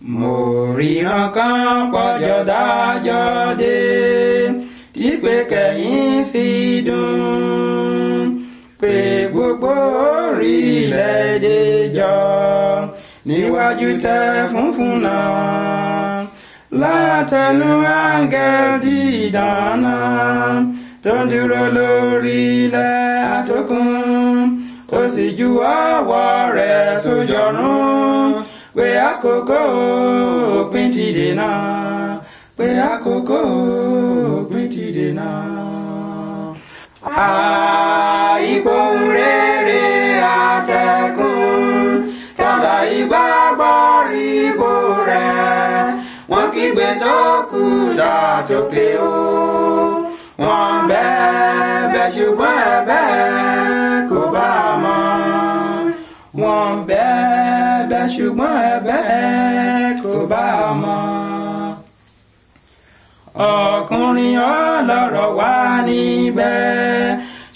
mo ríran kan pọ́jọ́ dájọ́ dé tí pé kẹ́yìn sí dùn pé gbogbo orílẹ̀-èdè jọ níwájú tẹ funfun náà látẹnu áńgẹ́l dídán tó ń dúró lórílẹ̀ àtòkùn ó sì ju ọwọ́ rẹ̀ sójú àkókò òpin ti dènà pé àkókò òpin ti dènà. àìpò rere àtẹkùn tọ́lá ìgbàgbọ́ ríbo rẹ̀ wọ́n kígbe sókù látòkè o wọ́n bẹ́ẹ̀ bẹ́ẹ̀ ṣùgbọ́n ẹ̀ bẹ́ẹ̀. kò bá ọmọ. ọkùnrin ọlọ́rọ̀ wà níbẹ̀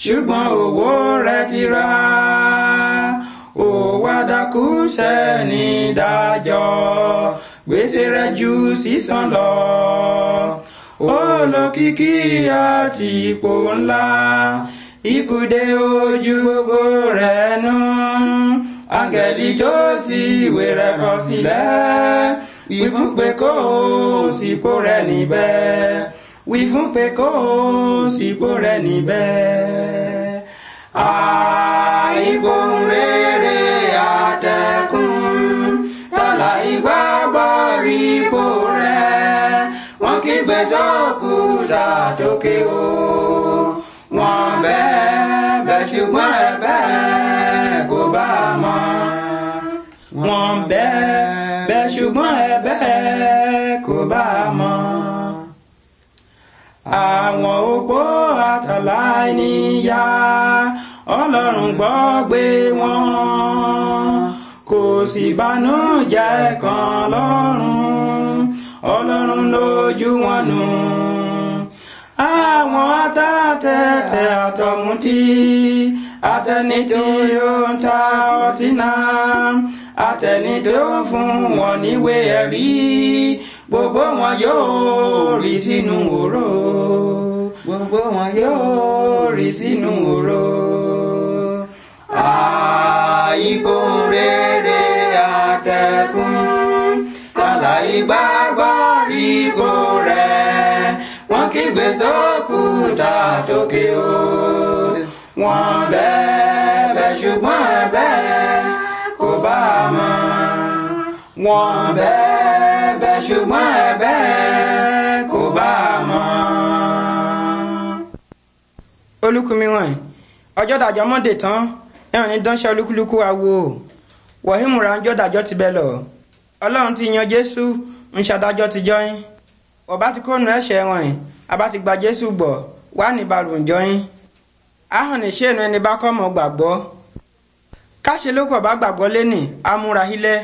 ṣùgbọ́n owó rẹ̀ ti rà òwò àdàkù sẹ́ni dájọ́ gbèsè rẹ̀ ju sísan lọ olókìkí àti ipò ńlá ikú ojú gbogbo rẹ̀ nù. No áńgẹ́lì jósì ìwé rẹ̀ kọ sílẹ̀ wí fún pé kó o sípò rẹ̀ níbẹ̀ wí fún pé kó o sípò rẹ̀ níbẹ̀. àìgbóhùn rere àtẹ̀kùn tọ́lá ìgbàgbọ́ ipò rẹ̀ wọ́n kígbe sókúta tókè o wọ́n bẹ́ẹ̀. bẹ́ẹ̀ bẹ́ẹ̀ ṣùgbọ́n ẹ bẹ́ẹ̀ kò bá a mọ̀. àwọn opó àtàláníyá ọlọ́run gbọ́ gbé wọn kò sì bànújẹ́ kan lọ́rùn ọlọ́run lójú wọn nù àwọn atátẹ̀tẹ̀ àtọ̀mùtí atẹni tí ó ń ta ọtí náà àtẹni tí ó fún wọn níwé ẹ̀rí gbogbo wọn yóò rí sínú òró gbogbo wọn yóò rí sínú òró. àìkún rere àtẹkùn tàlà ìgbàgbọ́ rí kò rẹ̀ wọ́n kígbe sókúta tókè ó wọ́n bẹ́ẹ̀. wọn. bẹ́ẹ̀ ṣùgbọ́n ẹ̀bẹ̀ kò bá a mọ̀. olùkùnmi wọn ọjọ́ dàjọ́ mọ́dé tán ẹ̀hún ní dánṣẹ́ olúkúlùkù awo wọ̀hímù ránjọ́ dàjọ́ ti bẹ lọ ọlọ́run ti yan jésù ń ṣàdájọ́ ti jọyìn ọba ti kóònù ẹ̀ṣẹ̀ wọn àbá ti gba jésù gbọ́ wà ní balùwìn jọyìn ahọ́n ní ṣéènù ẹni bá kọ́ mọ́ gbàgbọ́ káṣe ló kọ̀ gbàgbọ́ lẹ́nì amúra hílẹ̀